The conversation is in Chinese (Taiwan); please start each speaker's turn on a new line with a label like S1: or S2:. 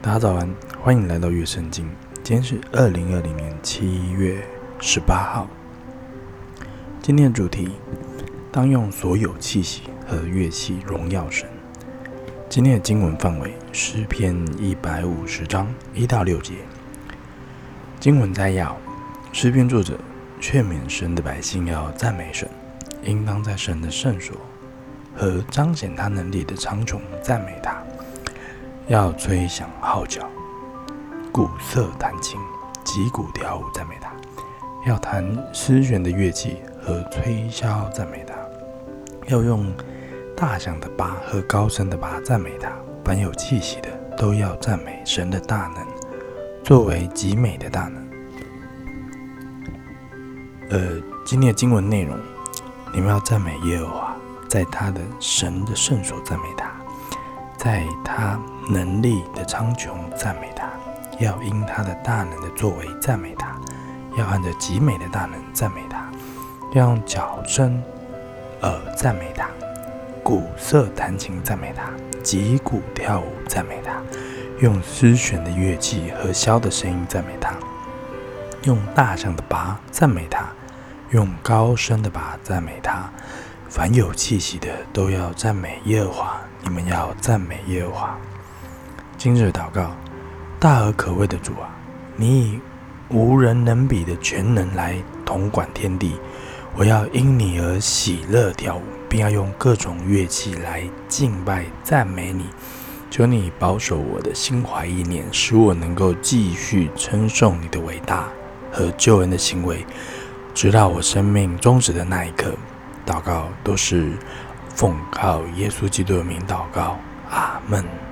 S1: 大家早安，歡迎來到樂聖經。今天是二零二零年七月十八號。今天的主題：當用所有氣息和樂器榮耀神。今天的經文範圍：詩篇一百五十章一到六節。經文摘要：詩篇作者勸勉神的百姓要讚美神，應當在神的聖所和彰顯他能力的穹蒼讚美他。要吹響號角，鼓瑟彈琴，擊鼓跳舞讚美他；要彈絲弦的樂器和吹簫讚美他；要用大響的鈸和高聲的鈸讚美他。凡有氣息的都要讚美神的大能，作為極美的大能。呃，今天的經文內容，你們要讚美耶和華，在他的神的聖所讚美他。在他能力的蒼穹，讚美他；要因他的大能的作為讚美他；要按照極美的大能讚美他；要用角聲，讚美他；鼓瑟彈琴讚美他；擊鼓跳舞讚美他；用絲弦的樂器和簫的聲音讚美他；用大響的鈸讚美他；用高聲的鈸讚美他；凡有氣息的都要讚美耶和華。你們要讚美耶和華。今日禱告，大而可畏的主啊，你以無人能比的全能來統管天地，我要因你而喜樂跳舞，並要用各種樂器來敬拜讚美你。求你保守我的心懷意念，使我能夠繼續稱頌你的偉大和救恩的行為，直到我生命終止的那一刻。禱告都是。奉靠耶穌基督的名禱告，阿門。